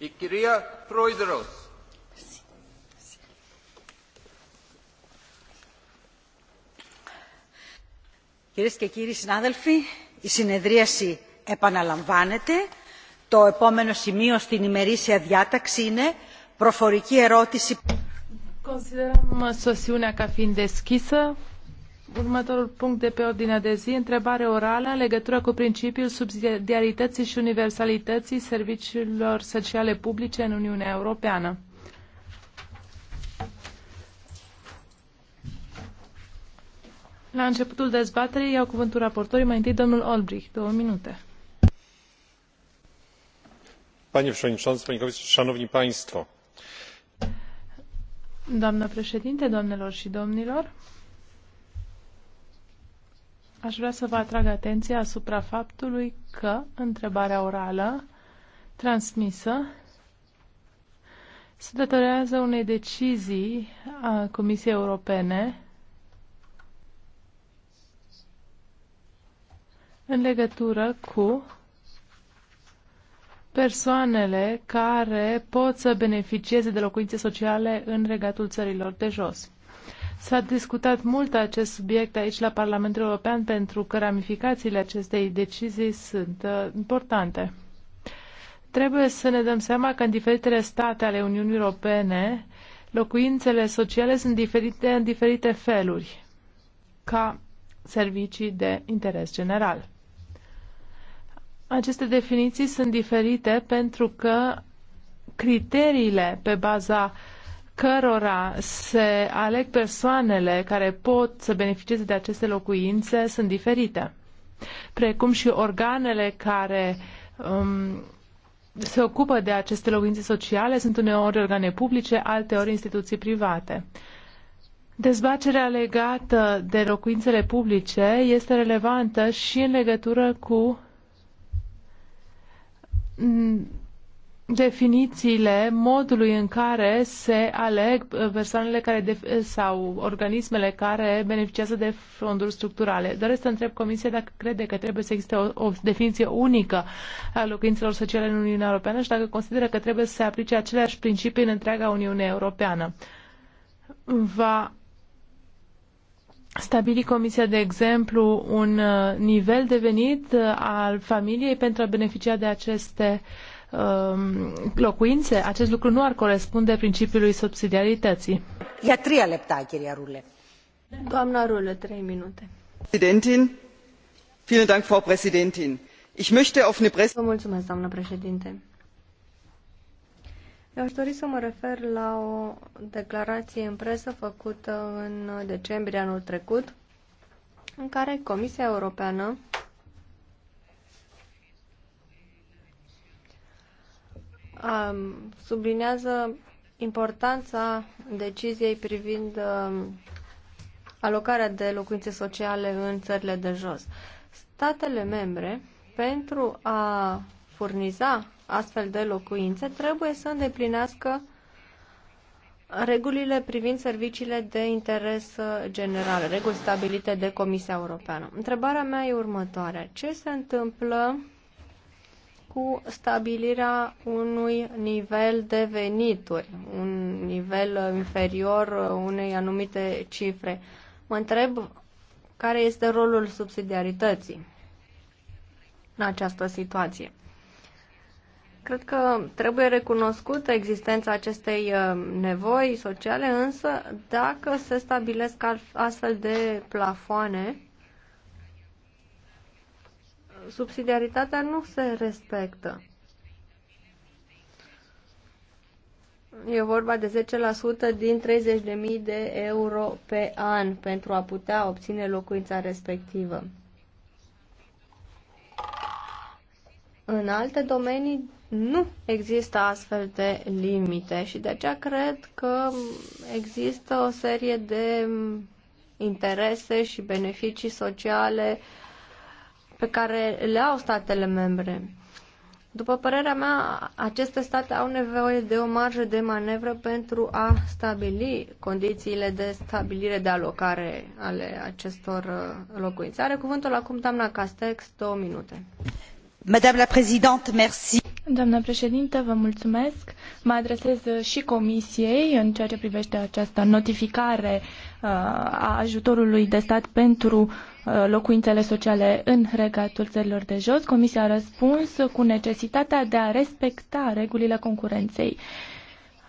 Η κυρία Πρόεδρος. Κυρίες και κύριοι συνάδελφοι, η συνεδρίαση επαναλαμβάνεται. Το επόμενο σημείο στην ημερήσια διάταξη είναι προφορική ερώτηση. Considerăm sesiunea ca fiind deschisă. Următorul punct de pe ordinea de zi, întrebare orală în legătură cu principiul subsidiarității și universalității serviciilor sociale publice în Uniunea Europeană. La începutul dezbaterii iau cuvântul raportorii, mai întâi domnul Olbrich, două minute. Panie Przewodniczący, Panie Komisarzu, Szanowni Państwo. Doamnă președinte, doamnelor și domnilor, Aș vrea să vă atrag atenția asupra faptului că întrebarea orală transmisă se datorează unei decizii a Comisiei Europene în legătură cu persoanele care pot să beneficieze de locuințe sociale în regatul țărilor de jos. S-a discutat mult acest subiect aici la Parlamentul European pentru că ramificațiile acestei decizii sunt uh, importante. Trebuie să ne dăm seama că în diferitele state ale Uniunii Europene locuințele sociale sunt diferite în diferite feluri, ca servicii de interes general. Aceste definiții sunt diferite pentru că criteriile pe baza uh, cărora se aleg persoanele care pot să beneficieze de aceste locuințe sunt diferite, precum și organele care um, se ocupă de aceste locuințe sociale sunt uneori organe publice, alteori instituții private. Dezbaterea legată de locuințele publice este relevantă și în legătură cu mm, definițiile modului în care se aleg persoanele care de, sau organismele care beneficiază de fonduri structurale. Doresc să întreb Comisia dacă crede că trebuie să existe o, o definiție unică a locuințelor sociale în Uniunea Europeană și dacă consideră că trebuie să se aplice aceleași principii în întreaga Uniune Europeană. Va stabili Comisia, de exemplu, un uh, nivel de venit uh, al familiei pentru a beneficia de aceste uh, Um, locuințe, acest lucru nu ar corespunde principiului subsidiarității. Ia trei lepta, chiria Rule. Doamna Rule, trei minute. Presidentin, vielen Dank, Frau Präsidentin. Ich möchte auf eine Presse... Vă mulțumesc, doamnă președinte. Eu aș dori să mă refer la o declarație în presă făcută în decembrie anul trecut, în care Comisia Europeană um, sublinează importanța deciziei privind um, alocarea de locuințe sociale în țările de jos. Statele membre, pentru a furniza astfel de locuințe, trebuie să îndeplinească regulile privind serviciile de interes uh, general, reguli stabilite de Comisia Europeană. Întrebarea mea e următoarea. Ce se întâmplă cu stabilirea unui nivel de venituri, un nivel inferior unei anumite cifre. Mă întreb care este rolul subsidiarității în această situație. Cred că trebuie recunoscută existența acestei uh, nevoi sociale, însă dacă se stabilesc astfel de plafoane, subsidiaritatea nu se respectă. E vorba de 10% din 30.000 de euro pe an pentru a putea obține locuința respectivă. În alte domenii nu există astfel de limite și de aceea cred că există o serie de interese și beneficii sociale uh, pe care le au statele membre. După părerea mea, aceste state au nevoie de o marjă de manevră pentru a stabili condițiile de stabilire de alocare ale acestor uh, locuințe. Are cuvântul acum doamna Castex, două minute. Madame la Présidente, merci. Doamna președintă, vă mulțumesc. Mă adresez uh, și comisiei în ceea ce privește această notificare uh, a ajutorului de stat pentru Uh, locuințele sociale în regatul țărilor de jos, Comisia a răspuns cu necesitatea de a respecta regulile concurenței.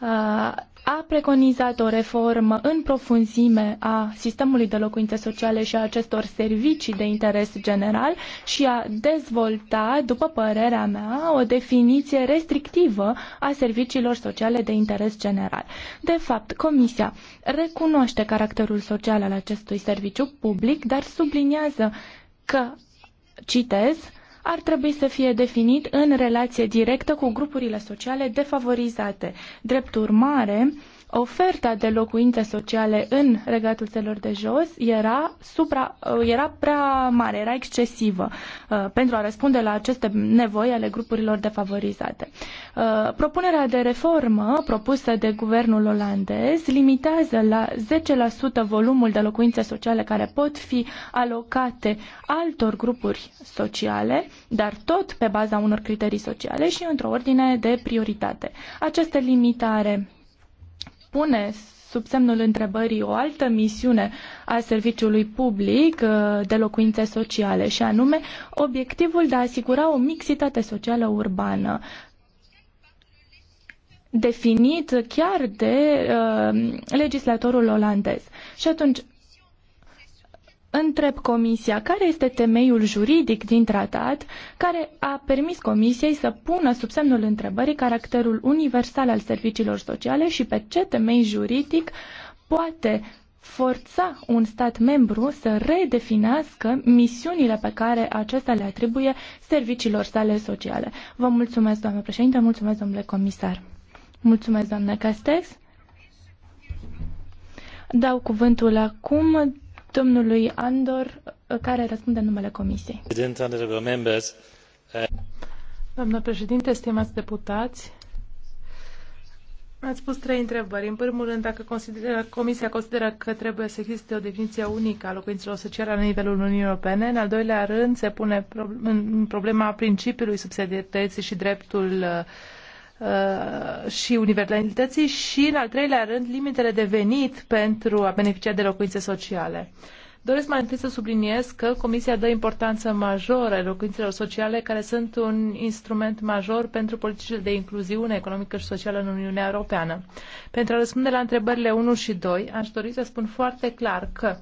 Uh, a preconizat o reformă în profunzime a sistemului de locuințe sociale și a acestor servicii de interes general și a dezvoltat, după părerea mea, o definiție restrictivă a serviciilor sociale de interes general. De fapt, Comisia recunoaște caracterul social al acestui serviciu public, dar subliniază că, citez, ar trebui să fie definit în relație directă cu grupurile sociale defavorizate. Drept urmare, oferta de locuințe sociale în regatul țelor de jos era, supra, uh, era prea mare, era excesivă uh, pentru a răspunde la aceste nevoi ale grupurilor defavorizate. Uh, propunerea de reformă propusă de guvernul olandez limitează la 10% volumul de locuințe sociale care pot fi alocate altor grupuri sociale, dar tot pe baza unor criterii sociale și într-o ordine de prioritate. Această limitare pune sub semnul întrebării o altă misiune a serviciului public uh, de locuințe sociale și anume obiectivul de a asigura o mixitate socială urbană definit chiar de uh, legislatorul olandez. Și atunci întreb Comisia care este temeiul juridic din tratat care a permis Comisiei să pună sub semnul întrebării caracterul universal al serviciilor sociale și pe ce temei juridic poate forța un stat membru să redefinească misiunile pe care acesta le atribuie serviciilor sale sociale. Vă mulțumesc, doamnă președinte, mulțumesc, domnule comisar. Mulțumesc, doamnă Castex. Dau cuvântul acum domnului Andor, care răspunde în numele Comisiei. Doamnă președinte, stimați deputați, Ați spus trei întrebări. În primul rând, dacă consideră, Comisia consideră că trebuie să existe o definiție unică a locuințelor sociale la nivelul Uniunii Europene. În al doilea rând, se pune problema principiului subsidiarității și dreptul uh, Uh, și universalității și, în al treilea rând, limitele de venit pentru a beneficia de locuințe sociale. Doresc mai întâi să subliniez că Comisia dă importanță majoră locuințelor sociale, care sunt un instrument major pentru politicile de incluziune economică și socială în Uniunea Europeană. Pentru a răspunde la întrebările 1 și 2, aș dori să spun foarte clar că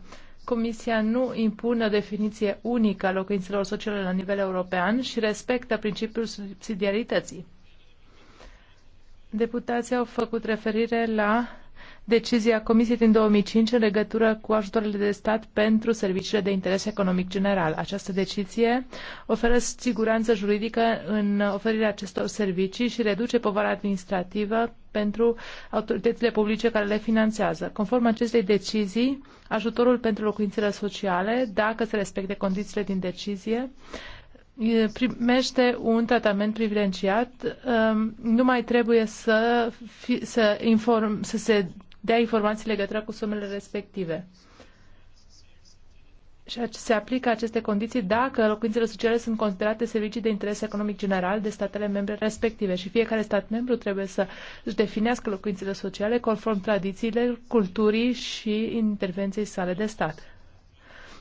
Comisia nu impune o definiție unică a locuințelor sociale la nivel european și respectă principiul subsidiarității. Deputații au făcut referire la decizia Comisiei din 2005 în legătură cu ajutoarele de stat pentru serviciile de interes economic general. Această decizie oferă siguranță juridică în oferirea acestor servicii și reduce povara administrativă pentru autoritățile publice care le finanțează. Conform acestei decizii, ajutorul pentru locuințele sociale, dacă se respecte condițiile din decizie, primește un tratament privilegiat, um, nu mai trebuie să, fi, să, inform, să se dea informații legătură cu sumele respective. Și se aplică aceste condiții dacă locuințele sociale sunt considerate servicii de interes economic general de statele membre respective și fiecare stat membru trebuie să își definească locuințele sociale conform tradițiilor, culturii și intervenției sale de stat.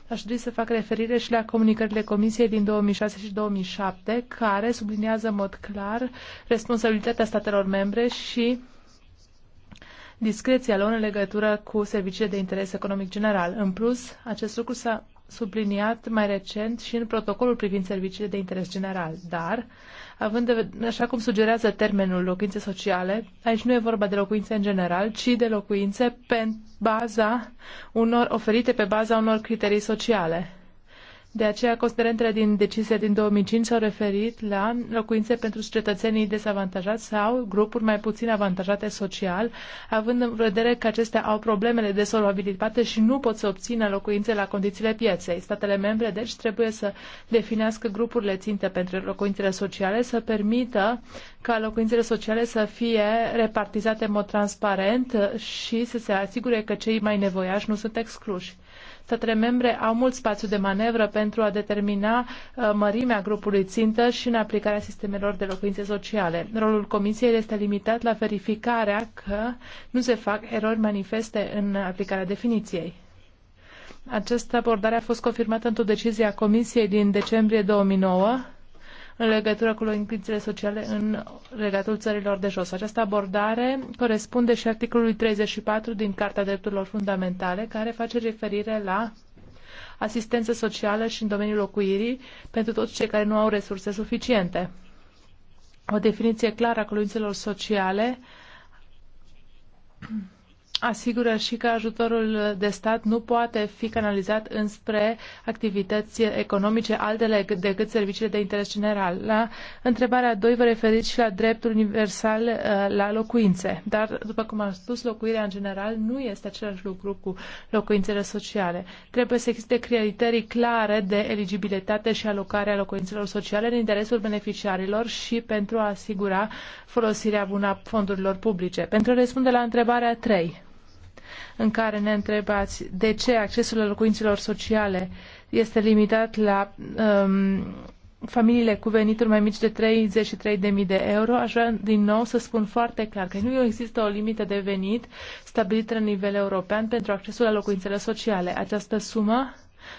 Aș dori să fac referire și la comunicările Comisiei din 2006 și 2007, care subliniază în mod clar responsabilitatea statelor membre și discreția lor în legătură cu serviciile de interes economic general. În plus, acest lucru s-a subliniat mai recent și în protocolul privind serviciile de interes general. Dar, având de, așa cum sugerează termenul locuințe sociale, aici nu e vorba de locuințe în general, ci de locuințe pe baza unor, oferite pe baza unor criterii sociale. De aceea, considerentele din decizia din 2005 s-au referit la locuințe pentru cetățenii dezavantajați sau grupuri mai puțin avantajate social, având în vedere că acestea au problemele de solvabilitate și nu pot să obțină locuințe la condițiile pieței. Statele membre, deci, trebuie să definească grupurile ținte pentru locuințele sociale, să permită ca locuințele sociale să fie repartizate în mod transparent și să se asigure că cei mai nevoiași nu sunt excluși. Statele membre au mult spațiu de manevră pentru a determina uh, mărimea grupului țintă și în aplicarea sistemelor de locuințe sociale. Rolul Comisiei este limitat la verificarea că nu se fac erori manifeste în aplicarea definiției. Această abordare a fost confirmată într-o decizie a Comisiei din decembrie 2009 în legătură cu locuințele sociale în regatul țărilor de jos. Această abordare corespunde și articolului 34 din Carta Drepturilor Fundamentale, care face referire la asistență socială și în domeniul locuirii pentru toți cei care nu au resurse suficiente. O definiție clară a locuințelor sociale asigură și că ajutorul de stat nu poate fi canalizat înspre activități economice altele decât serviciile de interes general. La întrebarea 2 vă referiți și la dreptul universal uh, la locuințe, dar, după cum am spus, locuirea în general nu este același lucru cu locuințele sociale. Trebuie să existe criterii clare de eligibilitate și alocare a locuințelor sociale în interesul beneficiarilor și pentru a asigura folosirea bună a fondurilor publice. Pentru a răspunde la întrebarea 3, în care ne întrebați de ce accesul la locuințelor sociale este limitat la um, familiile cu venituri mai mici de 33.000 de euro, aș vrea din nou să spun foarte clar că nu există o limită de venit stabilită la nivel european pentru accesul la locuințele sociale. Această sumă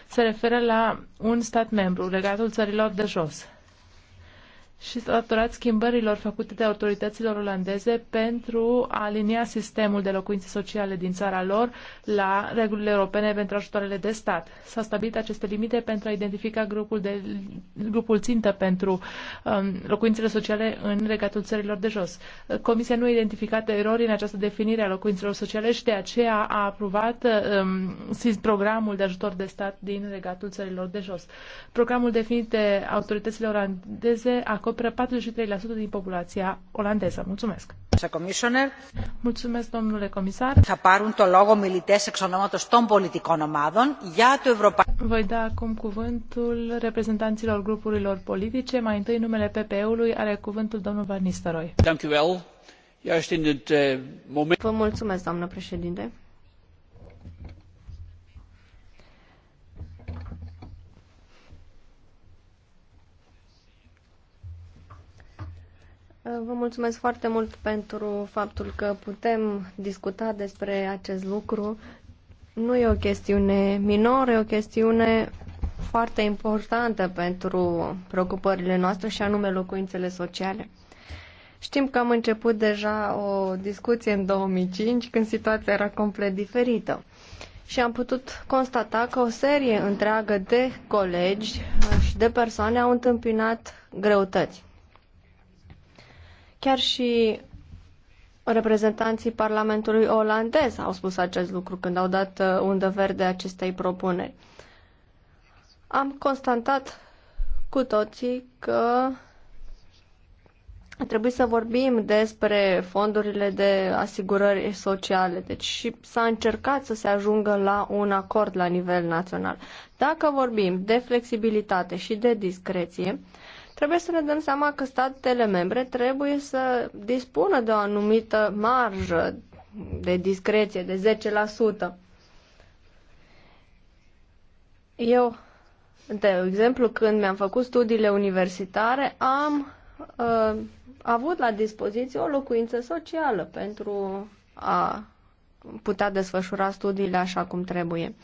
se referă la un stat membru, legatul țărilor de jos și s-a datorat schimbărilor făcute de autoritățile olandeze pentru a alinia sistemul de locuințe sociale din țara lor la regulile europene pentru ajutoarele de stat. S-au stabilit aceste limite pentru a identifica grupul, de, grupul țintă pentru um, locuințele sociale în regatul țărilor de jos. Comisia nu a identificat erori în această definire a locuințelor sociale și de aceea a aprobat um, programul de ajutor de stat din regatul țărilor de jos. Programul definit de autoritățile olandeze a acoperă 43% din populația olandeză. Mulțumesc! Mulțumesc, domnule comisar. Θα πάρουν το λόγο μιλητές εξ ονόματος των πολιτικών ομάδων για το Ευρωπαϊκό... Voi da acum cuvântul reprezentanților grupurilor politice. Mai întâi numele PPE-ului are cuvântul domnul Van Nistelrooy. Eh, Vă mulțumesc, doamnă președinte. Vă mulțumesc foarte mult pentru faptul că putem discuta despre acest lucru. Nu e o chestiune minoră, e o chestiune foarte importantă pentru preocupările noastre și anume locuințele sociale. Știm că am început deja o discuție în 2005 când situația era complet diferită și am putut constata că o serie întreagă de colegi și de persoane au întâmpinat greutăți. Chiar și reprezentanții Parlamentului olandez au spus acest lucru când au dat uh, undă verde acestei propuneri. Am constatat cu toții că trebuie să vorbim despre fondurile de asigurări sociale. Deci și s-a încercat să se ajungă la un acord la nivel național. Dacă vorbim de flexibilitate și de discreție, uh, Trebuie să ne dăm seama că statele membre trebuie să dispună de o anumită marjă de discreție de 10%. Eu, de exemplu, când mi-am făcut studiile universitare, am uh, avut la dispoziție o locuință socială pentru a putea desfășura studiile așa cum trebuie.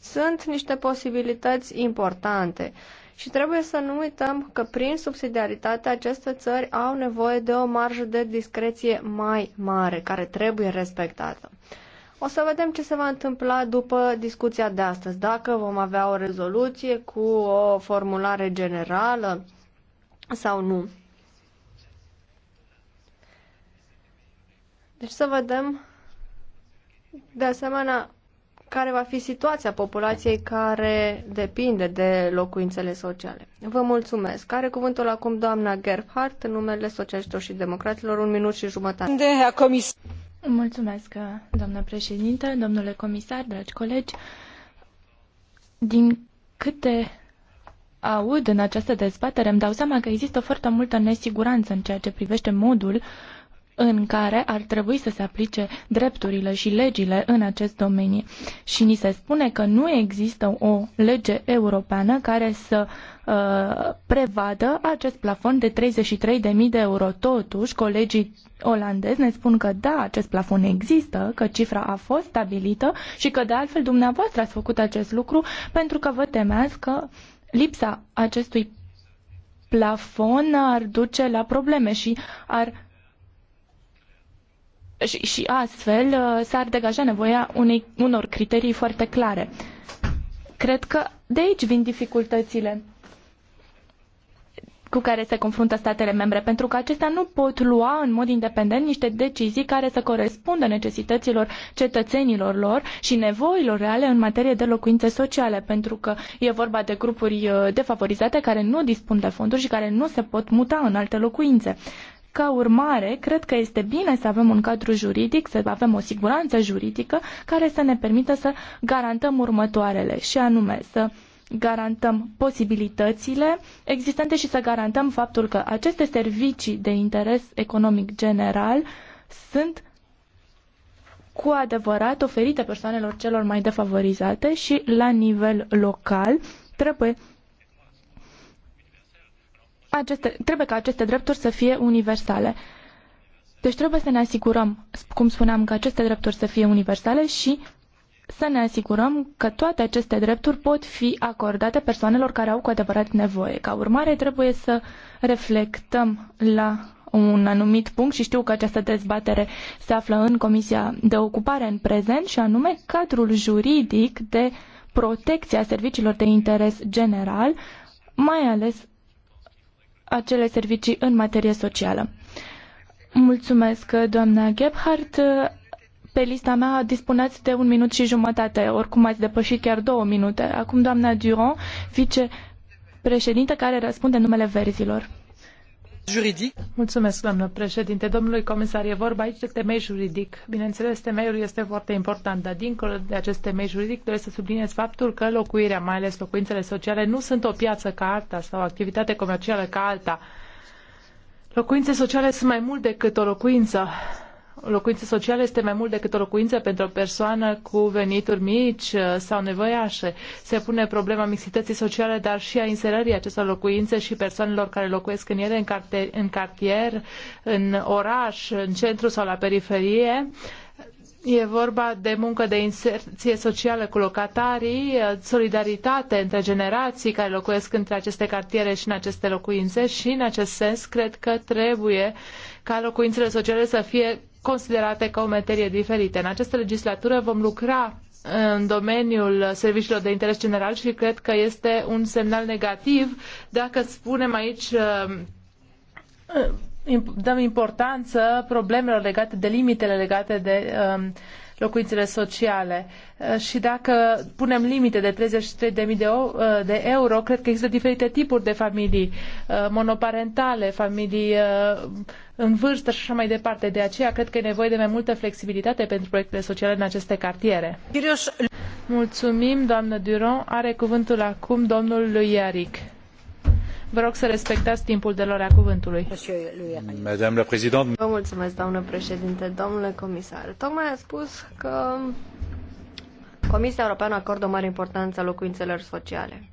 Sunt niște posibilități importante. Uh, și trebuie să nu uităm că prin subsidiaritate aceste țări au nevoie de o marjă de discreție mai mare, care trebuie respectată. O să vedem ce se va întâmpla după discuția de astăzi, dacă vom avea o rezoluție cu o formulare generală sau nu. Deci să vedem de asemenea care va fi situația populației care depinde de locuințele sociale. Vă mulțumesc. Care cuvântul acum doamna Gerhardt în numele Socialiștilor și Democraților, un minut și jumătate. De a comis- mulțumesc, doamnă președinte, domnule comisar, dragi colegi. Din câte aud în această dezbatere, îmi dau seama că există foarte multă nesiguranță în ceea ce privește modul uh, în care ar trebui să se aplice drepturile și legile în acest domeniu. Și ni se spune că nu există o lege europeană care să uh, prevadă acest plafon de 33.000 de euro. Totuși, colegii olandezi ne spun că da, acest plafon există, că cifra a fost stabilită și că de altfel dumneavoastră ați făcut acest lucru pentru că vă temeați că lipsa acestui plafon ar duce la probleme și ar și, astfel uh, s-ar degaja nevoia unei, unor criterii foarte clare. Cred că de aici vin dificultățile cu care se confruntă statele membre, pentru că acestea nu pot lua în mod independent niște decizii care să corespundă necesităților cetățenilor lor și nevoilor reale în materie de locuințe sociale, pentru că e vorba de grupuri uh, defavorizate care nu dispun de fonduri și care nu se pot muta în alte locuințe. Ca urmare, cred că este bine să avem un cadru juridic, să avem o siguranță juridică care să ne permită să garantăm următoarele și anume să garantăm posibilitățile existente și să garantăm faptul că aceste servicii de interes economic general sunt cu adevărat oferite persoanelor celor mai defavorizate și la nivel local trebuie aceste, trebuie ca aceste drepturi să fie universale. Deci trebuie să ne asigurăm, cum spuneam, că aceste drepturi să fie universale și să ne asigurăm că toate aceste drepturi pot fi acordate persoanelor care au cu adevărat nevoie. Ca urmare, trebuie să reflectăm la un anumit punct și știu că această dezbatere se află în Comisia de Ocupare în prezent și anume cadrul juridic de protecție a serviciilor de interes general, mai ales acele servicii în materie socială. Mulțumesc, doamna Gebhardt. Pe lista mea dispuneți de un minut și jumătate, oricum ați depășit chiar două minute. Acum doamna Durand, vicepreședintă care răspunde numele verzilor juridic. Mulțumesc, doamnă președinte. Domnului comisar, e vorba aici de temei juridic. Bineînțeles, temeiul este foarte important, dar dincolo de acest temei juridic trebuie să subliniez faptul că locuirea, mai ales locuințele sociale, nu sunt o piață ca alta sau o activitate comercială ca alta. Locuințe sociale sunt mai mult decât o locuință locuință socială este mai mult decât o locuință pentru o persoană cu venituri mici uh, sau nevoiașe. Se pune problema mixității sociale, dar și a inserării acestor locuințe și persoanelor care locuiesc în ele, în cartier, în, cartier, în oraș, în centru sau la periferie. E vorba de muncă de inserție socială cu locatarii, uh, solidaritate între generații care locuiesc între aceste cartiere și în aceste locuințe și în acest sens cred că trebuie ca locuințele sociale să fie considerate ca o materie diferită. În această legislatură vom lucra în domeniul serviciilor de interes general și cred că este un semnal negativ dacă spunem aici uh, dăm importanță problemelor legate de limitele legate de um, locuințele sociale. Uh, și dacă punem limite de 33.000 uh, de euro, cred că există diferite tipuri de familii uh, monoparentale, familii în vârstă și așa mai departe. De aceea cred că e nevoie de mai multă flexibilitate pentru proiectele sociale în aceste cartiere. Mulțumim, doamnă Duron. Are cuvântul acum domnul Iaric. Vă rog să respectați timpul de a cuvântului. Vă mulțumesc, doamnă președinte, domnule comisar. Tocmai a spus că Comisia Europeană acordă o mare importanță locuințelor sociale.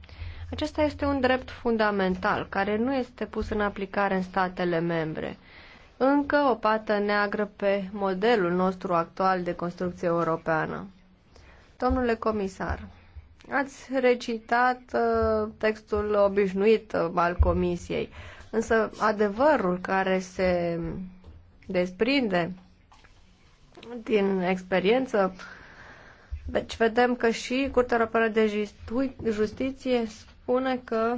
Acesta este un drept fundamental care nu este pus în aplicare în statele membre. Încă o pată neagră pe modelul nostru actual de construcție europeană. Domnule comisar, Ați recitat uh, textul obișnuit uh, al Comisiei, însă adevărul care se desprinde din experiență, deci vedem că și Curtea Europeană de Justiție spune că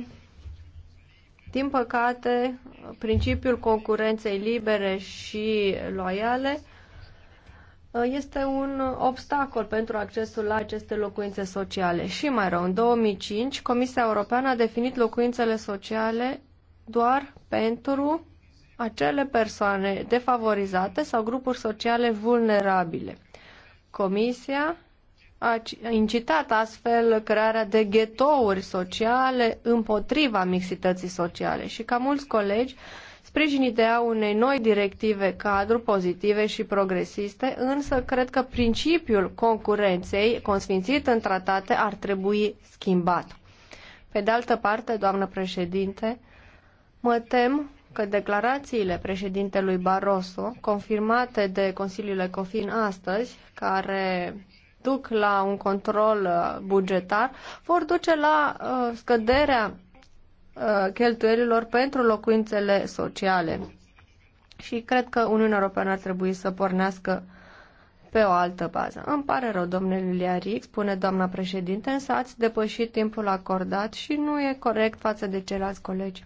din păcate, principiul concurenței libere și loiale Uh, este un obstacol pentru accesul la aceste locuințe sociale. Și mai rău, în 2005, Comisia Europeană a definit locuințele sociale doar pentru acele persoane defavorizate sau grupuri sociale vulnerabile. Comisia a incitat astfel crearea de ghetouri sociale împotriva mixității sociale și ca mulți colegi Sprijin ideea unei noi directive cadru pozitive și progresiste, însă cred că principiul concurenței consfințit în tratate ar trebui schimbat. Pe de altă parte, doamnă președinte, mă tem că declarațiile președintelui Barroso, confirmate de Consiliul Ecofin astăzi, care duc la un control uh, bugetar, vor duce la uh, scăderea Uh, cheltuielilor pentru locuințele sociale. Și cred că Uniunea Europeană ar trebui să pornească pe o altă bază. Îmi pare rău, domnule Liaric, spune doamna președinte, însă ați depășit timpul acordat și nu e corect față de ceilalți colegi.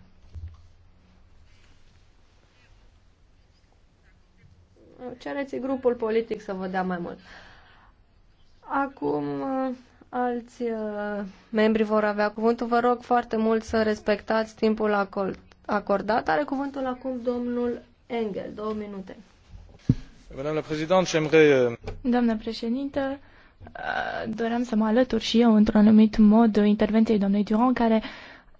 Cereți grupul politic să vă dea mai mult. Acum uh, Alți uh, membri vor avea cuvântul. Vă rog foarte mult să respectați timpul acordat. Are cuvântul acum domnul Engel. Două minute. Euh, Doamnă președintă, uh, doream să mă alătur și eu într-un anumit mod intervenției domnului Duron, care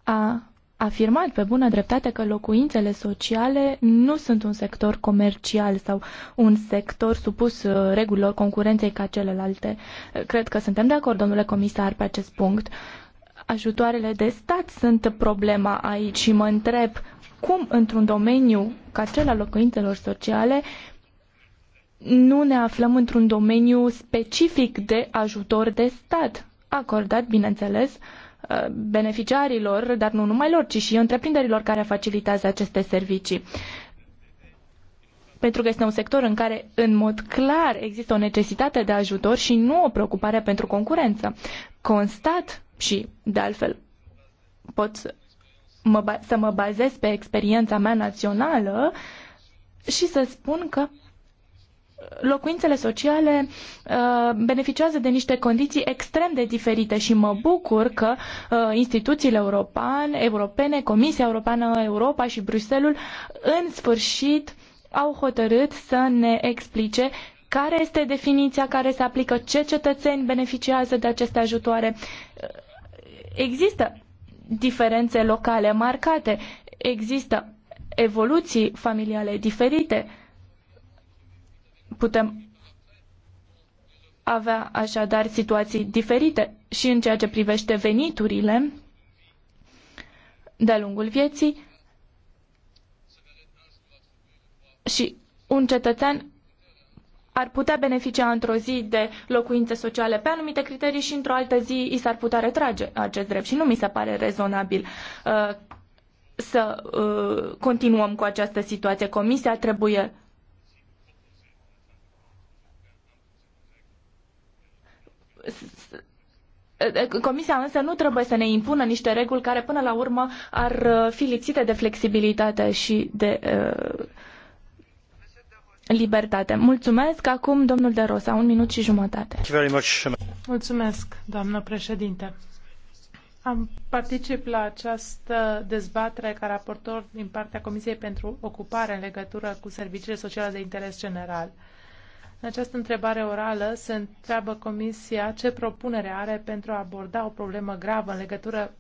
a afirmat pe bună dreptate că locuințele sociale nu sunt un sector comercial sau un sector supus uh, regulilor concurenței ca celelalte. Cred că suntem de acord, domnule comisar, pe acest punct. Ajutoarele de stat sunt problema aici și mă întreb cum într-un domeniu ca cel al locuințelor sociale nu ne aflăm într-un domeniu specific de ajutor de stat, acordat, bineînțeles, uh, beneficiarilor, dar nu numai lor, ci și întreprinderilor care facilitează aceste servicii. Pentru că este un sector în care, în mod clar, există o necesitate de ajutor și nu o preocupare pentru concurență. Constat și, de altfel, pot mă, să mă bazez pe experiența mea națională și să spun că locuințele sociale uh, beneficiază de niște condiții extrem de diferite și mă bucur că uh, instituțiile europane, europene, Comisia Europeană, Europa și Bruxelles în sfârșit au hotărât să ne explice care este definiția care se aplică, ce cetățeni beneficiază de aceste ajutoare. Există diferențe locale marcate, există evoluții familiale diferite Putem avea așadar situații diferite și în ceea ce privește veniturile de-a lungul vieții și un cetățean ar putea beneficia într-o zi de locuințe sociale pe anumite criterii și într-o altă zi i s-ar putea retrage acest drept și nu mi se pare rezonabil uh, să uh, continuăm cu această situație. Comisia trebuie Comisia însă nu trebuie să ne impună niște reguli care până la urmă ar uh, fi lipsite de flexibilitate și de uh, libertate. Mulțumesc. Acum domnul De Rosa, un minut și jumătate. Mulțumesc, doamnă președinte. Am particip la această dezbatere ca raportor din partea Comisiei pentru Ocupare în legătură cu serviciile sociale de interes general. Uh, în această întrebare orală se întreabă Comisia ce propunere are pentru a aborda o problemă gravă în legătură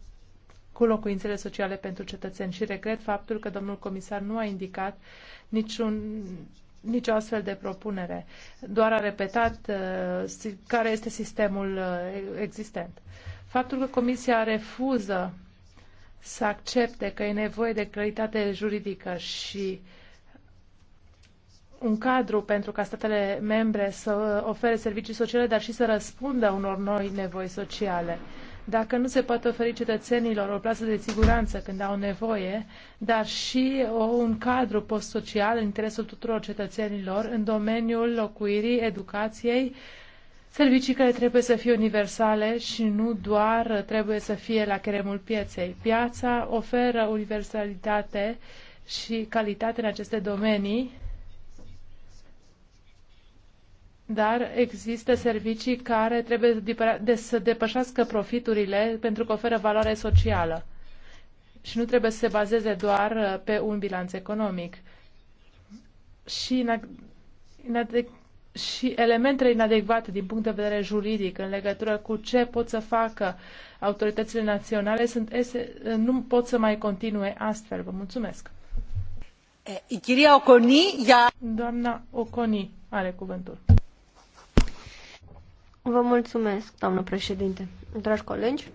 cu locuințele sociale pentru cetățeni și regret faptul că domnul comisar nu a indicat niciun, nicio astfel de propunere, doar a repetat uh, care este sistemul uh, existent. Faptul că Comisia refuză să accepte că e nevoie de claritate juridică și uh, un cadru pentru ca statele membre să ofere servicii sociale, dar și să răspundă unor noi nevoi sociale. Dacă nu se poate oferi cetățenilor o plasă de siguranță când au nevoie, dar și o, un cadru post-social în interesul tuturor cetățenilor în domeniul locuirii, educației, servicii care trebuie să fie universale și nu doar trebuie să fie la cheremul pieței. Piața oferă universalitate și calitate în aceste domenii dar există servicii care trebuie să depășească profiturile pentru că oferă valoare socială și nu trebuie să se bazeze doar uh, pe un bilanț economic. Și, și elementele inadecvate din punct de vedere juridic în legătură cu ce pot să facă autoritățile naționale sunt nu pot să mai continue astfel. Vă mulțumesc. Eh, Doamna Oconi are cuvântul. Vă mulțumesc, doamnă președinte. Dragi colegi,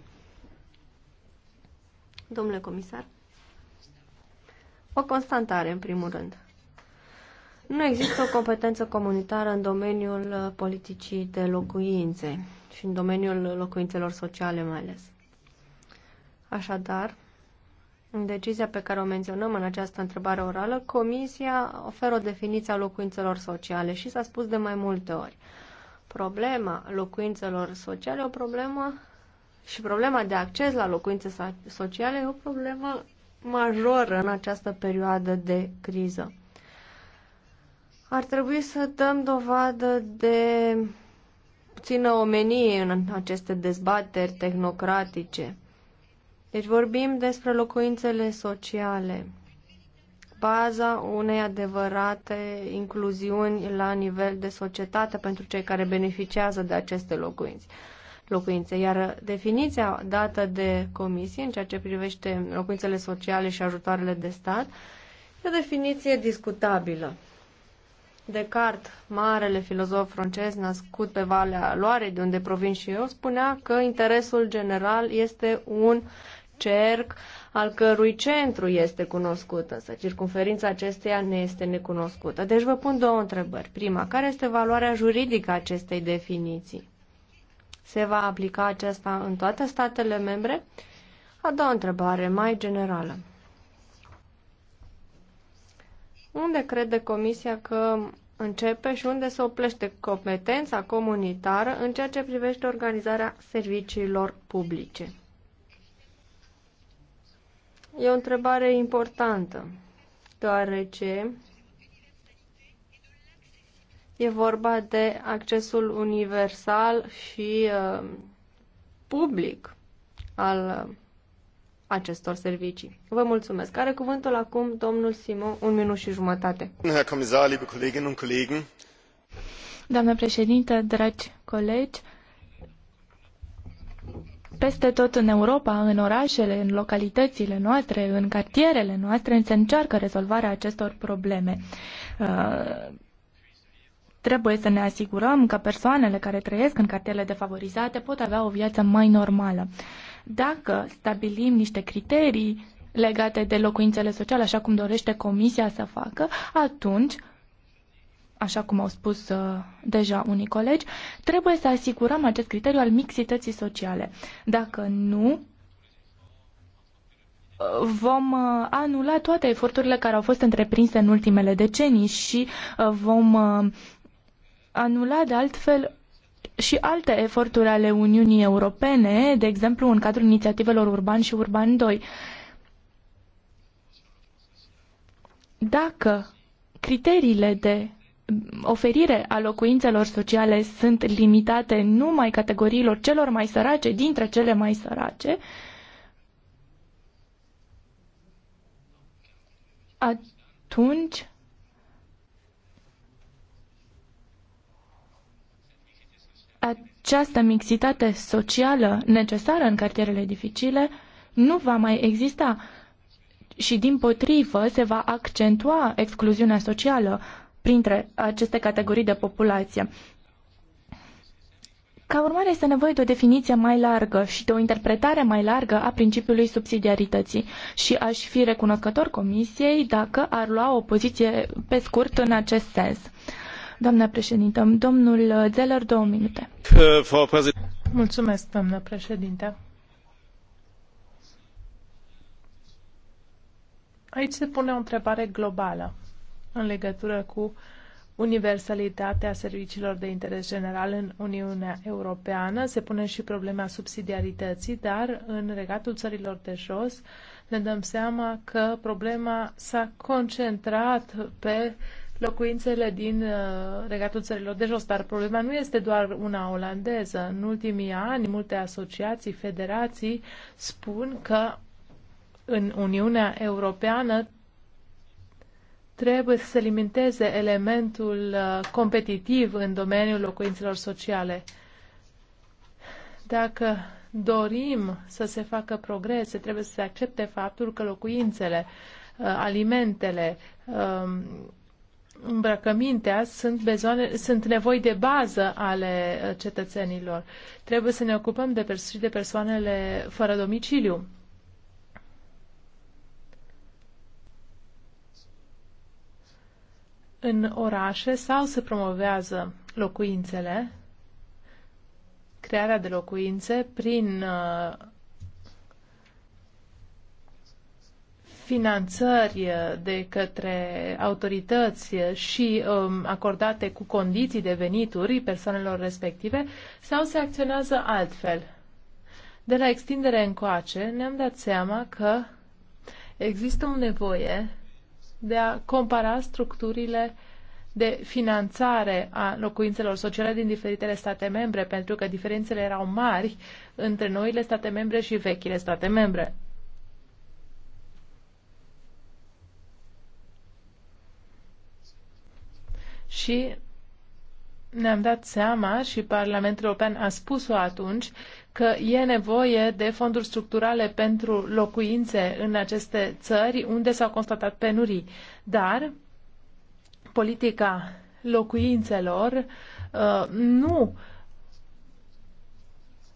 domnule comisar, o constatare, în primul rând. Nu există o competență comunitară în domeniul politicii de locuințe și în domeniul locuințelor sociale mai ales. Așadar, în decizia pe care o menționăm în această întrebare orală, Comisia oferă o definiție a locuințelor sociale și s-a spus de mai multe ori problema locuințelor sociale o problemă și problema de acces la locuințe sociale e o problemă majoră în această perioadă de criză. Ar trebui să dăm dovadă de puțină omenie în aceste dezbateri tehnocratice. Deci vorbim despre locuințele sociale baza unei adevărate incluziuni la nivel de societate pentru cei care beneficiază de aceste locuințe. locuințe. Iar definiția dată de comisie în ceea ce privește locuințele sociale și ajutoarele de stat e o definiție discutabilă. Descartes, marele filozof francez născut pe Valea Loarei, de unde provin și eu, spunea că interesul general este un cerc uh, al cărui centru este cunoscut, însă circunferința acesteia ne este necunoscută. Deci vă pun două întrebări. Prima, care este valoarea juridică a acestei definiții? Se va aplica aceasta în toate statele membre? A doua întrebare, mai generală. Unde crede Comisia că începe și unde se oplește competența comunitară în ceea ce privește organizarea serviciilor publice? E o întrebare importantă, deoarece e vorba de accesul universal și uh, public al uh, acestor servicii. Vă mulțumesc. Are cuvântul acum domnul Simon, un minut și jumătate. Herr Comisar, Doamnă președinte, dragi colegi, peste tot în Europa, în orașele, în localitățile noastre, în cartierele noastre, se încearcă rezolvarea acestor probleme. Uh, trebuie să ne asigurăm că persoanele care trăiesc în cartierele defavorizate pot avea o viață mai normală. Dacă stabilim niște criterii legate de locuințele sociale, așa cum dorește Comisia să facă, atunci așa cum au spus uh, deja unii colegi, trebuie să asigurăm acest criteriu al mixității sociale. Dacă nu, uh, vom uh, anula toate eforturile care au fost întreprinse în ultimele decenii și uh, vom anula de altfel și alte eforturi ale Uniunii Europene, de exemplu în cadrul inițiativelor Urban și Urban 2. Dacă criteriile de oferire a locuințelor sociale sunt limitate numai categoriilor celor mai sărace dintre cele mai sărace, atunci această mixitate socială necesară în cartierele dificile nu va mai exista și din potrivă se va accentua excluziunea socială printre aceste categorii de populație. Ca urmare, este nevoie de o definiție mai largă și de o interpretare mai largă a principiului subsidiarității și aș fi recunoscător Comisiei dacă ar lua o poziție pe scurt în acest sens. Doamna președintă, domnul Zeller, două minute. Mulțumesc, doamna președinte. Aici se pune o întrebare globală în legătură cu universalitatea serviciilor de interes general în Uniunea Europeană. Se pune și problema subsidiarității, dar în regatul țărilor de jos ne dăm seama că problema s-a concentrat pe locuințele din uh, regatul țărilor de jos, dar problema nu este doar una olandeză. În ultimii ani, multe asociații, federații spun că în Uniunea Europeană trebuie să se limiteze elementul uh, competitiv în domeniul locuințelor sociale. Dacă dorim să se facă progrese, trebuie să se accepte faptul că locuințele, uh, alimentele, um, îmbrăcămintea sunt, bezoane, sunt nevoi de bază ale uh, cetățenilor. Trebuie să ne ocupăm de pers- și de persoanele fără domiciliu. în orașe sau se promovează locuințele, crearea de locuințe prin uh, finanțări uh, de către autorități și um, acordate cu condiții de venituri persoanelor respective sau se acționează altfel. De la extindere încoace ne-am dat seama că există o nevoie de a compara structurile de finanțare a locuințelor sociale din diferitele state membre, pentru că diferențele erau mari între noile state membre și vechile state membre. Și ne-am dat seama și Parlamentul European a spus-o atunci că e nevoie de fonduri structurale pentru locuințe în aceste țări unde s-au constatat penurii. Dar politica locuințelor uh, nu uh,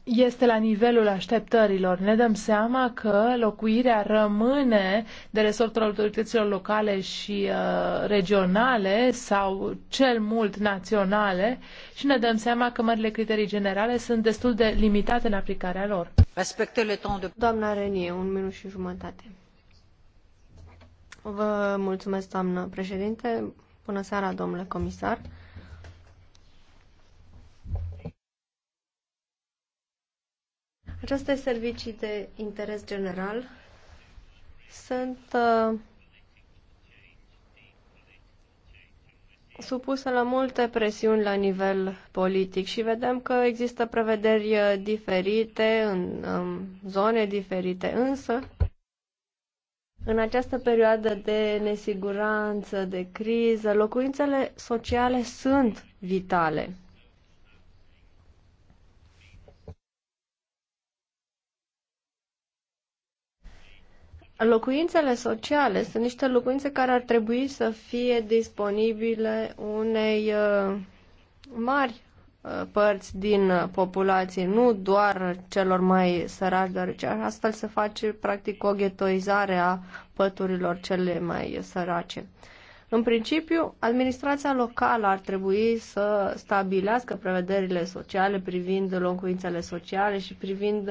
este la nivelul așteptărilor. Ne dăm seama că locuirea rămâne de resortul autorităților locale și uh, regionale sau cel mult naționale și ne dăm seama că mările criterii generale sunt destul de limitate în aplicarea lor. Respectele de... Doamna Renie, un minut și jumătate. Vă mulțumesc, doamnă președinte. Bună seara, domnule comisar. Aceste servicii de interes general sunt uh, supuse la multe presiuni la nivel politic și vedem că există prevederi uh, diferite în, în um, zone diferite, însă în această perioadă de nesiguranță, de criză, locuințele sociale sunt vitale Locuințele sociale sunt niște locuințe care ar trebui să fie disponibile unei uh, mari uh, părți din uh, populație, nu doar celor mai săraci, deoarece astfel se face practic o ghetoizare a păturilor cele mai sărace. În principiu, administrația locală ar trebui să stabilească prevederile sociale privind locuințele sociale și privind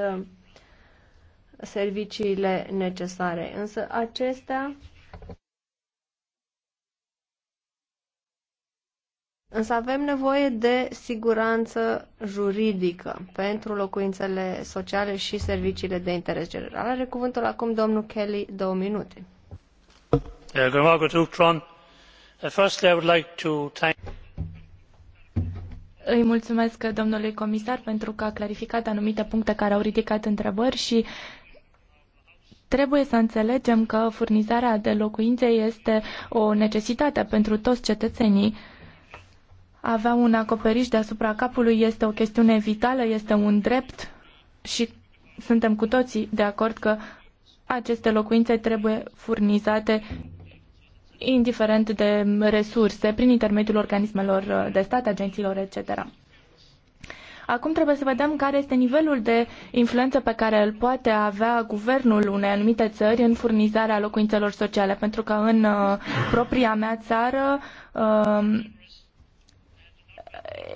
serviciile necesare. Însă acestea Însă avem nevoie de siguranță juridică pentru locuințele sociale și serviciile de interes general. Are cuvântul acum domnul Kelly două minute. Îi mulțumesc domnului comisar pentru că a clarificat anumite puncte care au ridicat întrebări și Trebuie să înțelegem că furnizarea de locuințe este o necesitate pentru toți cetățenii. Avea un acoperiș deasupra capului este o chestiune vitală, este un drept și suntem cu toții de acord că aceste locuințe trebuie furnizate indiferent de resurse, prin intermediul organismelor de stat, agențiilor, etc. Acum trebuie să vedem care este nivelul de influență pe care îl poate avea guvernul unei anumite țări în furnizarea locuințelor sociale, pentru că în uh, propria mea țară um,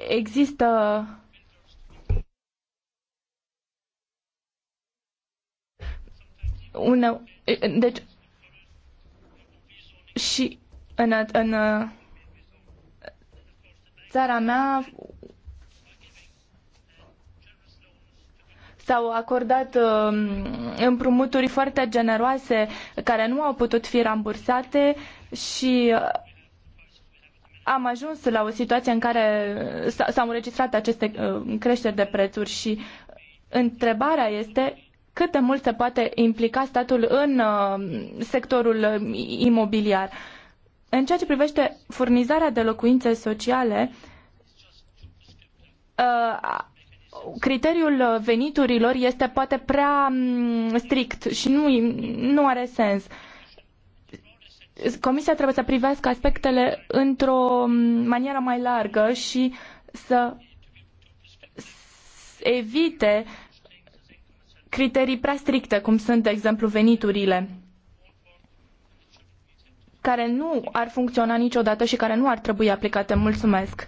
există une, uh, deci și în, în uh, țara mea s-au acordat um, împrumuturi foarte generoase care nu au putut fi rambursate și uh, am ajuns la o situație în care s-au înregistrat aceste uh, creșteri de prețuri și întrebarea este cât de mult se poate implica statul în uh, sectorul imobiliar. În ceea ce privește furnizarea de locuințe sociale, criteriul veniturilor este poate prea mm, strict și nu, nu are sens. Comisia trebuie să privească aspectele într-o mm, manieră mai largă și să evite criterii prea stricte, cum sunt, de exemplu, veniturile, care nu ar funcționa niciodată și care nu ar trebui aplicate. Mulțumesc!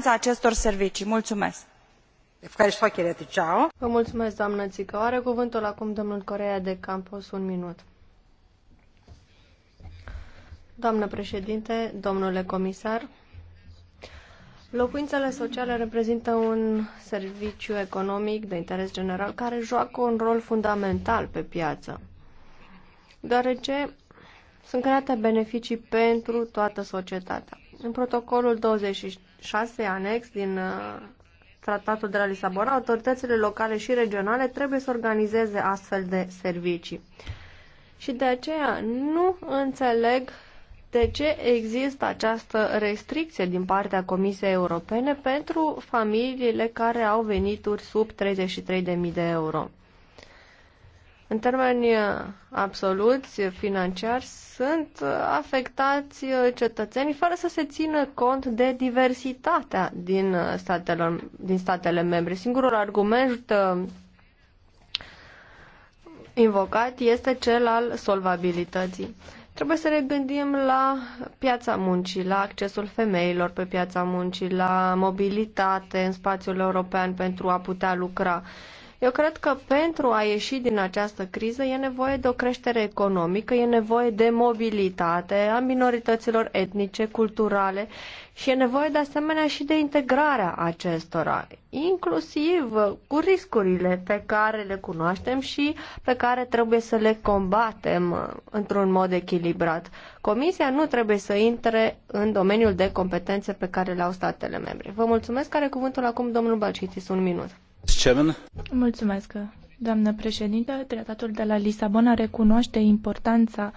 transparena acestor servicii. mulumesc. Vă mulțumesc, doamnă Țică. Are cuvântul acum domnul Corea de Campos, un minut. Doamnă președinte, domnule comisar, locuințele sociale reprezintă un serviciu economic de interes general care joacă un rol fundamental pe piață, deoarece sunt create beneficii pentru toată societatea. În protocolul 23 6 anex din uh, Tratatul de la Lisabona, autoritățile locale și regionale trebuie să organizeze astfel de servicii. Și de aceea nu înțeleg de ce există această restricție din partea Comisiei Europene pentru familiile care au venituri sub 33.000 de euro. În termeni uh, absoluți financiari sunt uh, afectați uh, cetățenii fără să se țină cont de diversitatea din, statelor, din statele membre. Singurul argument invocat este cel al solvabilității. Trebuie să ne gândim la piața muncii, la accesul femeilor pe piața muncii, la mobilitate în spațiul european pentru a putea lucra. Eu cred că pentru a ieși din această criză e nevoie de o creștere economică, e nevoie de mobilitate a minorităților etnice, culturale și e nevoie de asemenea și de integrarea acestora, inclusiv cu riscurile pe care le cunoaștem și pe care trebuie să le combatem într-un mod echilibrat. Comisia nu trebuie să intre în domeniul de competențe pe care le au statele membre. Vă mulțumesc, care cuvântul acum domnul Balcitis, un minut. Mulțumesc, doamnă președintă. Tratatul de la Lisabona recunoaște importanța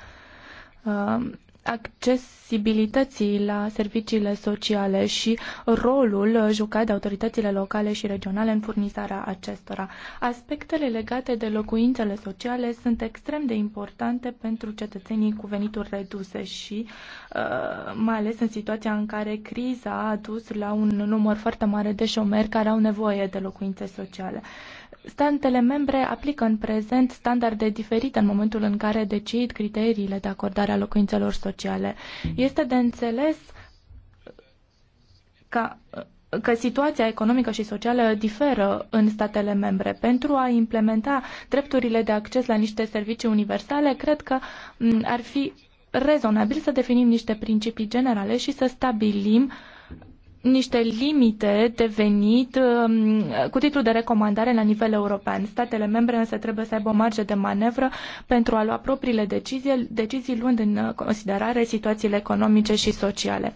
uh, accesibilității la serviciile sociale și rolul jucat de autoritățile locale și regionale în furnizarea acestora. Aspectele legate de locuințele sociale sunt extrem de importante pentru cetățenii cu venituri reduse și uh, mai ales în situația în care criza a dus la un număr foarte mare de șomeri care au nevoie de locuințe sociale. Statele membre aplică în prezent standarde diferite în momentul în care decid criteriile de acordare a locuințelor sociale. Este de înțeles ca că situația economică și socială diferă în statele membre. Pentru a implementa drepturile de acces la niște servicii universale, cred că ar fi rezonabil să definim niște principii generale și să stabilim uh, niște limite de venit um, cu titlu de recomandare la nivel european. Statele membre însă trebuie să aibă o marge de manevră pentru a lua propriile decizii, decizii luând în considerare situațiile economice și sociale.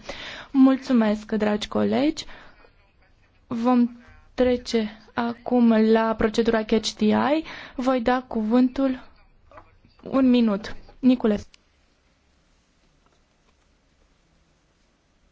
Mulțumesc, dragi colegi. Vom trece acum la procedura Catch the Eye. Voi da cuvântul un minut. Niculescu.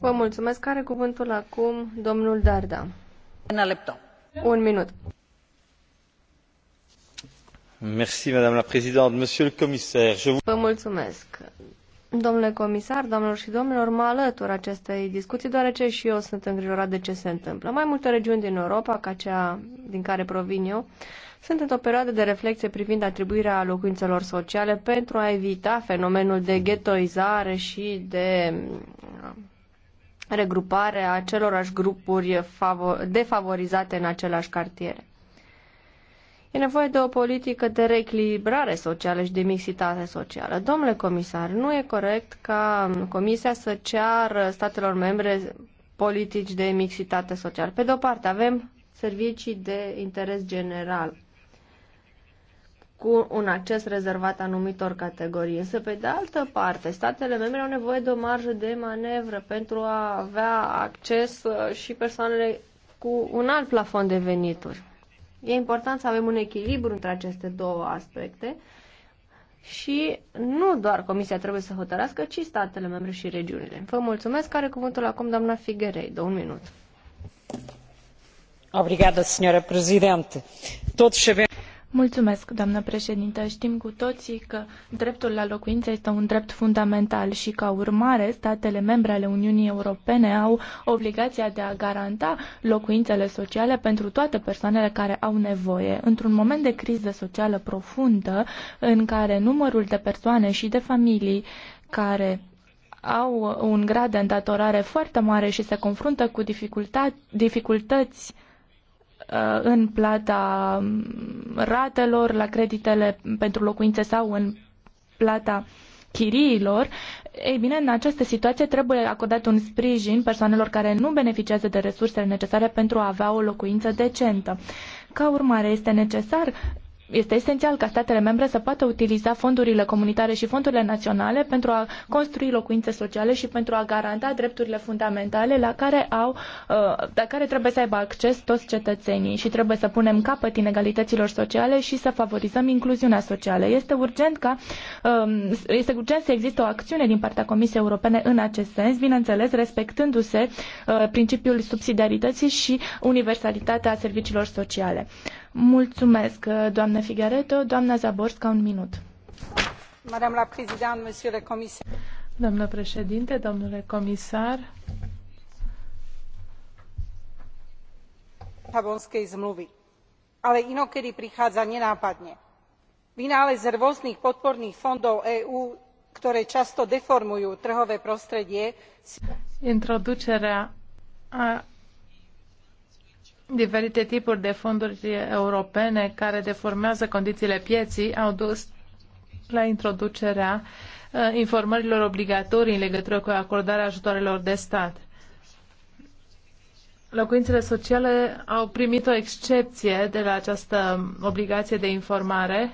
Vă mulțumesc. Are cuvântul acum domnul Darda. Un minut. Madame la Présidente. Monsieur le Commissaire, je vous... Vă mulțumesc. Domnule comisar, doamnelor și domnilor, mă alătur acestei discuții, deoarece și eu sunt îngrijorat de ce se întâmplă. Mai multe regiuni din Europa, ca cea din care provin eu, sunt într-o perioadă de reflexie privind atribuirea locuințelor sociale pentru a evita fenomenul de ghettoizare și de regrupare a acelorași grupuri defavorizate în același cartiere. E nevoie de o politică de reechilibrare socială și de mixitate socială. Domnule comisar, nu e corect ca Comisia să ceară statelor membre politici de mixitate socială. Pe de o parte, avem servicii de interes general cu un acces rezervat anumitor categorii. Însă, pe de altă parte, statele membre au nevoie de o marjă de manevră pentru a avea acces uh, și persoanele cu un alt plafon de venituri. E important să avem un echilibru între aceste două aspecte și nu doar Comisia trebuie să hotărască, ci statele membre și regiunile. Vă mulțumesc. Are cuvântul acum doamna Figherei. De un minut. Obrigada, senhora Presidente. Todos sabemos... Mulțumesc, doamnă președintă. Știm cu toții că dreptul la locuință este un drept fundamental și ca urmare statele membre ale Uniunii Europene au obligația de a garanta locuințele sociale pentru toate persoanele care au nevoie. Într-un moment de criză socială profundă în care numărul de persoane și de familii care au un grad de îndatorare foarte mare și se confruntă cu dificultăți Uh, în plata ratelor, la creditele pentru locuințe sau în plata chiriilor, ei bine, în această situație trebuie acordat un sprijin persoanelor care nu beneficiază de resursele necesare pentru a avea o locuință decentă. Ca urmare, este necesar este esențial ca statele membre să poată utiliza fondurile comunitare și fondurile naționale pentru a construi locuințe sociale și pentru a garanta drepturile fundamentale la care, au, uh, la care trebuie să aibă acces toți cetățenii și trebuie să punem capăt inegalităților sociale și să favorizăm incluziunea socială. Este urgent, ca, um, este urgent să existe o acțiune din partea Comisiei Europene în acest sens, bineînțeles respectându-se uh, principiul subsidiarității și universalitatea serviciilor sociale. Mulțumesc, uh, doamnă Figareto, Doamna Zaborska, un minut. Madame la Présidente, Monsieur le Commissaire. Doamnă președinte, domnule comisar. Lisabonskej zmluvy. Ale inokedy prichádza nenápadne. Vynález rôznych podporných fondov EÚ, ktoré často deformujú trhové prostredie. Introducerea a Diferite tipuri de fonduri europene care deformează condițiile pieții au dus la introducerea uh, informărilor obligatorii în legătură cu acordarea ajutoarelor de stat. Locuințele sociale au primit o excepție de la această obligație de informare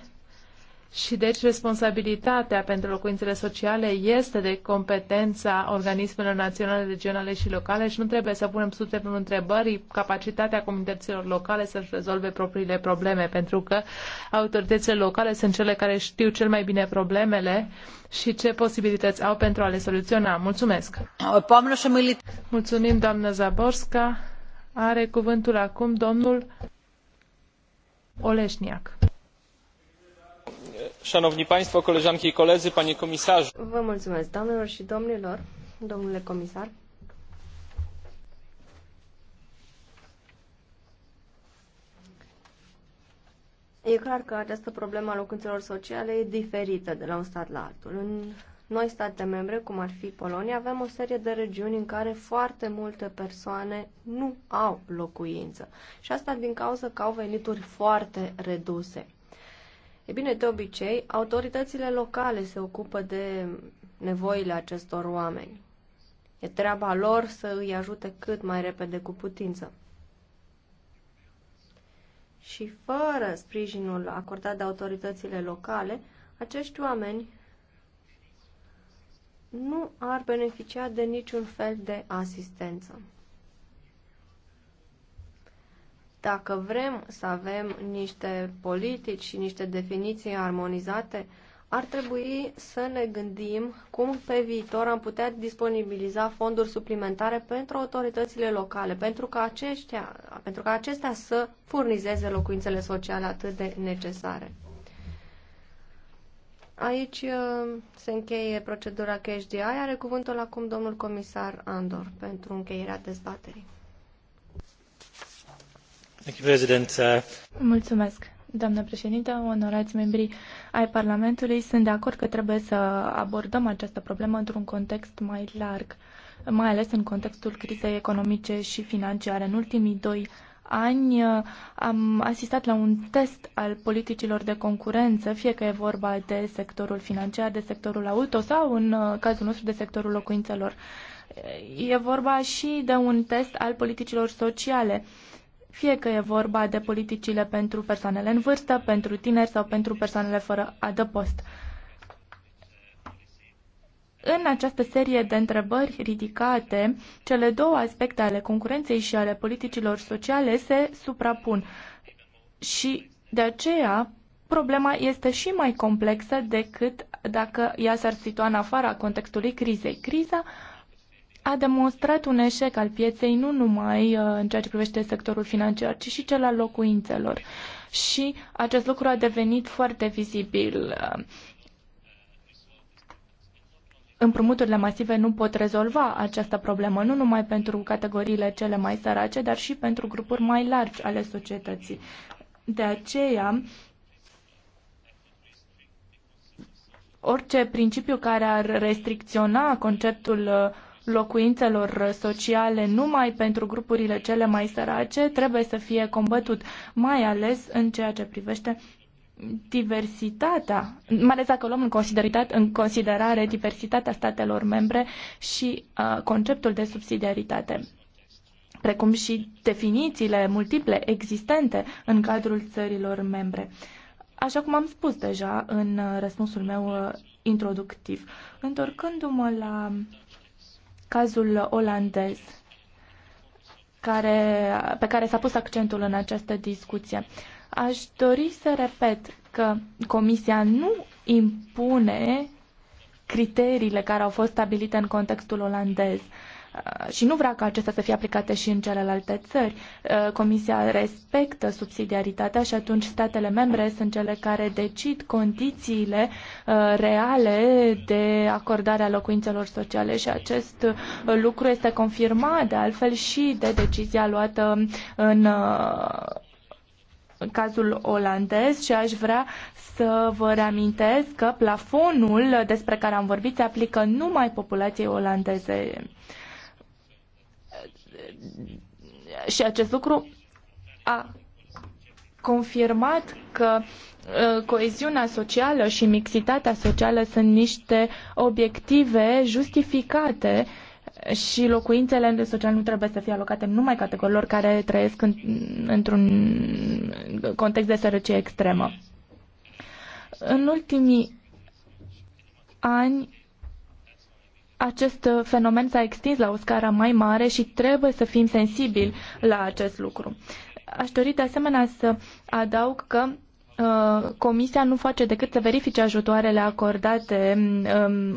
și deci responsabilitatea pentru locuințele sociale este de competența organismelor naționale, regionale și locale și nu trebuie să punem sub semnul întrebării capacitatea comunităților locale să-și rezolve propriile probleme, pentru că autoritățile locale sunt cele care știu cel mai bine problemele și ce posibilități au pentru a le soluționa. Mulțumesc! Mulțumim, doamnă Zaborska. Are cuvântul acum domnul Oleșniac. Szanowni Państwo, koleżanki i koledzy, panie komisarzu. mulțumesc, doamnelor și domnilor, domnule comisar. E clar că această problemă a locuințelor sociale e diferită de la un stat la altul. În noi state membre, cum ar fi Polonia, avem o serie de regiuni în care foarte multe persoane nu au locuință. Și asta din cauza că au venituri foarte reduse. E bine, de obicei, autoritățile locale se ocupă de nevoile acestor oameni. E treaba lor să îi ajute cât mai repede cu putință. Și fără sprijinul acordat de autoritățile locale, acești oameni nu ar beneficia de niciun fel de asistență. Dacă vrem să avem niște politici și niște definiții armonizate, ar trebui să ne gândim cum pe viitor am putea disponibiliza fonduri suplimentare pentru autoritățile locale, pentru ca, aceștia, pentru ca acestea să furnizeze locuințele sociale atât de necesare. Aici uh, se încheie procedura CHDI. Are cuvântul acum domnul comisar Andor pentru încheierea dezbaterii. Uh, Mulțumesc, doamnă președintă, onorați membrii ai Parlamentului. Sunt de acord că trebuie să abordăm această problemă într-un context mai larg, mai ales în contextul crizei economice și financiare. În ultimii doi ani uh, am asistat la un test al politicilor de concurență, fie că e vorba de sectorul financiar, de sectorul auto sau, în uh, cazul nostru, de sectorul locuințelor. E vorba și de un test al politicilor sociale fie că e vorba de politicile pentru persoanele în vârstă, pentru tineri sau pentru persoanele fără adăpost. În această serie de întrebări ridicate, cele două aspecte ale concurenței și ale politicilor sociale se suprapun și de aceea problema este și mai complexă decât dacă ea s-ar situa în afara contextului crizei. Criza a demonstrat un eșec al pieței nu numai uh, în ceea ce privește sectorul financiar, ci și cel al locuințelor. Și acest lucru a devenit foarte vizibil. Împrumuturile masive nu pot rezolva această problemă, nu numai pentru categoriile cele mai sărace, dar și pentru grupuri mai largi ale societății. De aceea, orice principiu care ar restricționa conceptul uh, locuințelor sociale numai pentru grupurile cele mai sărace trebuie să fie combătut, mai ales în ceea ce privește diversitatea, mai ales dacă luăm în, considerare, în considerare diversitatea statelor membre și uh, conceptul de subsidiaritate precum și definițiile multiple existente în cadrul țărilor membre. Așa cum am spus deja în uh, răspunsul meu uh, introductiv. Întorcându-mă la cazul olandez care, pe care s-a pus accentul în această discuție. Aș dori să repet că Comisia nu impune criteriile care au fost stabilite în contextul olandez. Uh, Uh, și nu vrea ca acestea să fie aplicate și în celelalte țări. Uh, Comisia respectă subsidiaritatea și atunci statele membre sunt cele care decid condițiile uh, reale de acordare a locuințelor sociale și acest lucru este confirmat de altfel și de decizia luată în cazul olandez și aș vrea să vă reamintesc că plafonul despre care am vorbit se aplică numai populației olandeze și acest lucru a confirmat că ă, coeziunea socială și mixitatea socială sunt niște obiective justificate și locuințele sociale nu trebuie să fie alocate numai categoriilor care trăiesc în, într-un context de sărăcie extremă. În ultimii ani acest uh, fenomen s-a extins la o scară mai mare și trebuie să fim sensibili la acest lucru. Aș dori de asemenea să adaug că uh, Comisia nu face decât să verifice ajutoarele acordate um,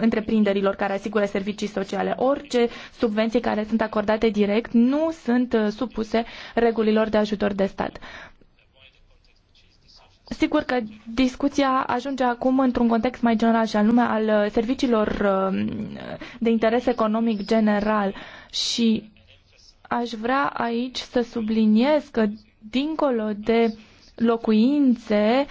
întreprinderilor care asigură servicii sociale. Orice subvenții care sunt acordate direct nu sunt uh, supuse regulilor de ajutor de stat. Sigur că discuția ajunge acum într-un context mai general și anume al uh, serviciilor uh, de interes economic general și aș vrea aici să subliniez că dincolo de locuințe,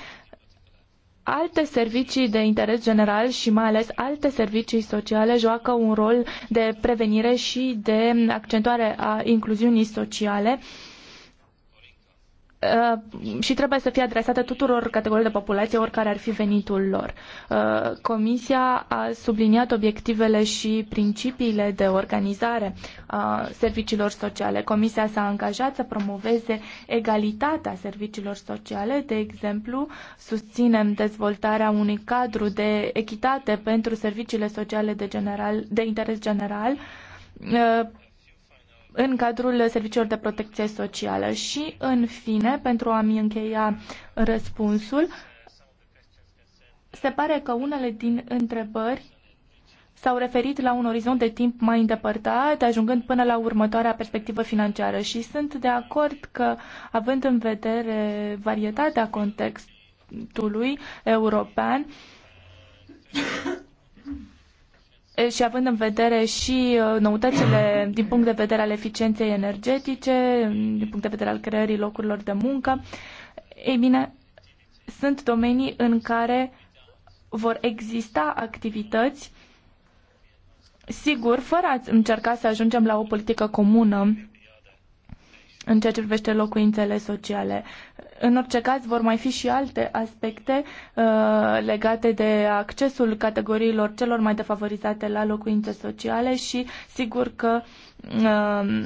alte servicii de interes general și mai ales alte servicii sociale joacă un rol de prevenire și de accentuare a incluziunii sociale uh, Uh, și trebuie să fie adresate tuturor categoriilor de populație, oricare ar fi venitul lor. Uh, Comisia a subliniat obiectivele și principiile de organizare a serviciilor sociale. Comisia s-a angajat să promoveze egalitatea serviciilor sociale. De exemplu, susținem dezvoltarea unui cadru de echitate pentru serviciile sociale de, general, de interes general uh, în cadrul serviciilor de protecție socială. Și, în fine, pentru a-mi încheia răspunsul, se pare că unele din întrebări s-au referit la un orizont de timp mai îndepărtat, ajungând până la următoarea perspectivă financiară și sunt de acord că, având în vedere varietatea contextului european, și având în vedere și uh, noutățile din punct de vedere al eficienței energetice, din punct de vedere al creării locurilor de muncă, ei bine, sunt domenii în care vor exista activități, sigur, fără a încerca să ajungem la o politică comună în ceea ce privește locuințele sociale. În orice caz, vor mai fi și alte aspecte uh, legate de accesul categoriilor celor mai defavorizate la locuințe sociale și sigur că uh,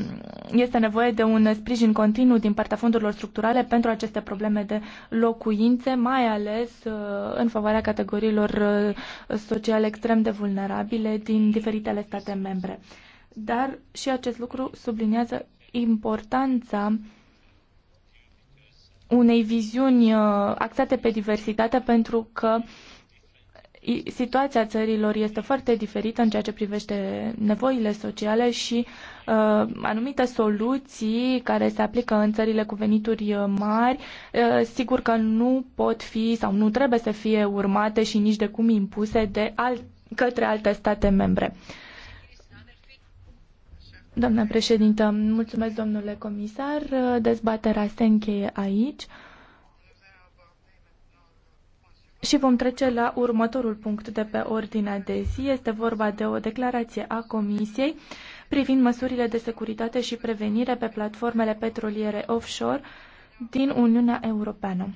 este nevoie de un sprijin continuu din partea fondurilor structurale pentru aceste probleme de locuințe, mai ales uh, în favoarea categoriilor uh, sociale extrem de vulnerabile din diferitele state membre. Dar și acest lucru subliniază importanța unei viziuni uh, axate pe diversitate pentru că situația țărilor este foarte diferită în ceea ce privește nevoile sociale și uh, anumite soluții care se aplică în țările cu venituri uh, mari, uh, sigur că nu pot fi sau nu trebuie să fie urmate și nici de cum impuse de alt, către alte state membre. Uh, Doamna președintă, mulțumesc domnule comisar. Dezbaterea se încheie aici. Și vom trece la următorul punct de pe ordinea de zi. Este vorba de o declarație a Comisiei privind măsurile de securitate și prevenire pe platformele petroliere offshore din Uniunea Europeană.